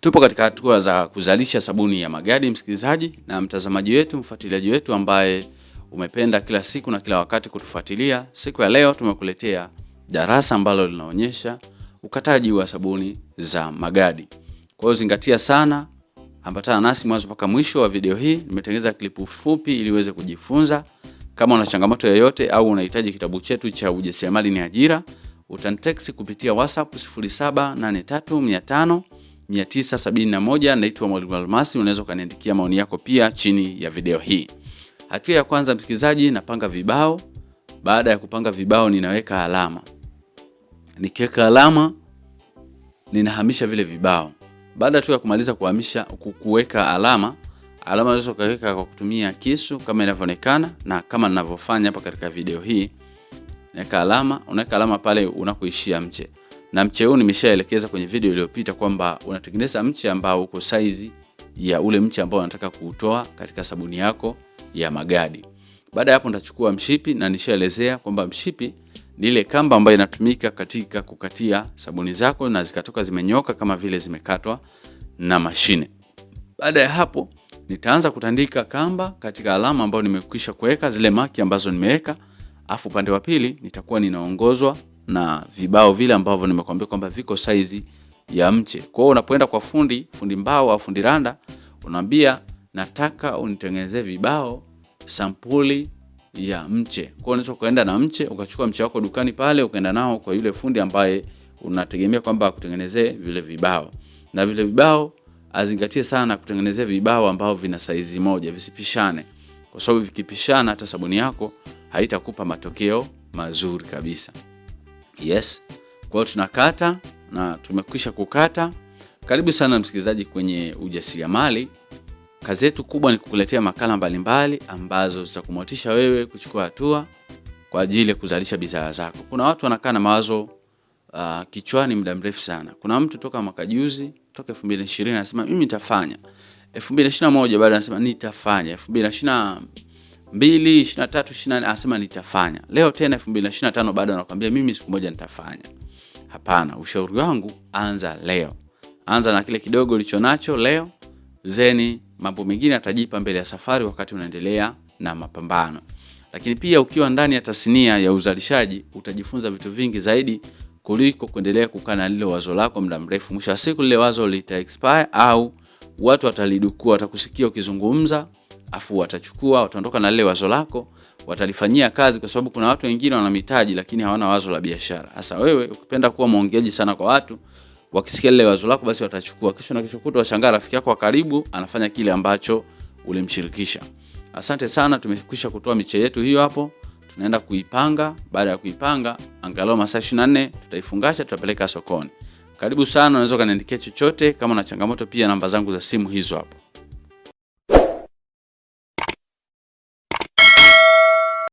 Tupo katika hatua za kuzalisha sabuni ya magadi, msikilizaji na mtazamaji wetu, mfuatiliaji wetu ambaye umependa kila siku na kila wakati kutufuatilia. Siku ya leo tumekuletea darasa ambalo linaonyesha ukataji wa sabuni za magadi. Kwa hiyo zingatia sana, ambatana nasi mwanzo mpaka mwisho wa video hii. Nimetengeneza klipu fupi ili uweze kujifunza. Kama una changamoto yoyote au unahitaji kitabu chetu cha ujasiriamali ni ajira, utanitext kupitia WhatsApp 0783500 971. Naitwa Mwalimu Almasi. Unaweza ukaniandikia maoni yako pia chini ya video hii. Hatua ya kwanza, msikilizaji, napanga vibao. Baada ya kupanga vibao, ninaweka alama. Nikiweka alama, ninahamisha vile vibao. Baada tu ya kumaliza kuhamisha, kuweka alama, alama unaweza ukaweka kwa kutumia kisu kama inavyoonekana na kama ninavyofanya hapa katika video hii. Naweka alama, unaweka alama pale unakoishia mche na mche huu nimeshaelekeza kwenye video iliyopita kwamba unatengeneza mche ambao uko saizi ya ule mche ambao unataka kuutoa katika sabuni yako ya magadi. Baada ya hapo nitachukua mshipi na nishaelezea kwamba mshipi ni ile kamba ambayo inatumika katika kukatia sabuni zako na zikatoka zimenyoka kama vile zimekatwa na mashine. Baada ya hapo nitaanza kutandika kamba katika alama ambayo nimekwisha kuweka zile maki ambazo nimeweka, afu upande wa pili nitakuwa ninaongozwa na vibao vile ambavyo nimekuambia kwamba viko saizi ya mche. Kwa hiyo unapoenda kwa fundi, fundi mbao au fundi randa, unaambia nataka unitengenezee vibao sampuli ya mche. Kwa hiyo unaweza ukaenda na mche, ukachukua mche wako dukani pale, ukaenda nao kwa yule fundi ambaye unategemea kwamba akutengenezee vile vibao. Na vile vibao azingatie sana kutengenezea vibao ambao vina saizi moja, visipishane. Kwa sababu vikipishana hata sabuni yako haitakupa matokeo mazuri kabisa. Yes. Kwa hiyo tunakata na tumekwisha kukata. Karibu sana msikilizaji kwenye ujasiriamali. Kazi yetu kubwa ni kukuletea makala mbalimbali mbali, ambazo zitakumotisha wewe kuchukua hatua kwa ajili ya kuzalisha bidhaa zako. Kuna watu wanakaa na mawazo uh, kichwani muda mrefu sana. Kuna mtu toka mwaka juzi, toka 2020 anasema mimi nitafanya. 2021 bado anasema nitafanya. 2020 mbili, 23, 24 anasema nitafanya. Leo tena 2025 bado anakuambia mimi siku moja nitafanya. Hapana, ushauri wangu anza leo. Anza na kile kidogo ulicho nacho leo, zeni mambo mengine atajipa mbele ya safari wakati unaendelea na mapambano. Lakini pia ukiwa ndani ya tasnia ya uzalishaji utajifunza vitu vingi zaidi kuliko kuendelea kukaa na lile wazo lako muda mrefu. Mwisho wa siku lile wazo lita expire au watu watalidukua, watakusikia ukizungumza afu watachukua wataondoka na lile wazo lako, watalifanyia kazi, kwa sababu kuna watu wengine wana mitaji lakini hawana wazo la biashara. Sasa wewe ukipenda kuwa mwongeaji sana kwa watu, wakisikia lile wazo lako, basi watachukua. Kisha na kishukuto kutwa washangaa rafiki yako wa karibu anafanya kile ambacho ulimshirikisha. Asante sana, tumekwisha kutoa miche yetu hiyo hapo, tunaenda kuipanga. Baada ya kuipanga, angalau masaa 24 tutaifungasha, tutapeleka sokoni. Karibu sana, unaweza kaniandikia chochote kama na changamoto, pia namba zangu za simu hizo hapo.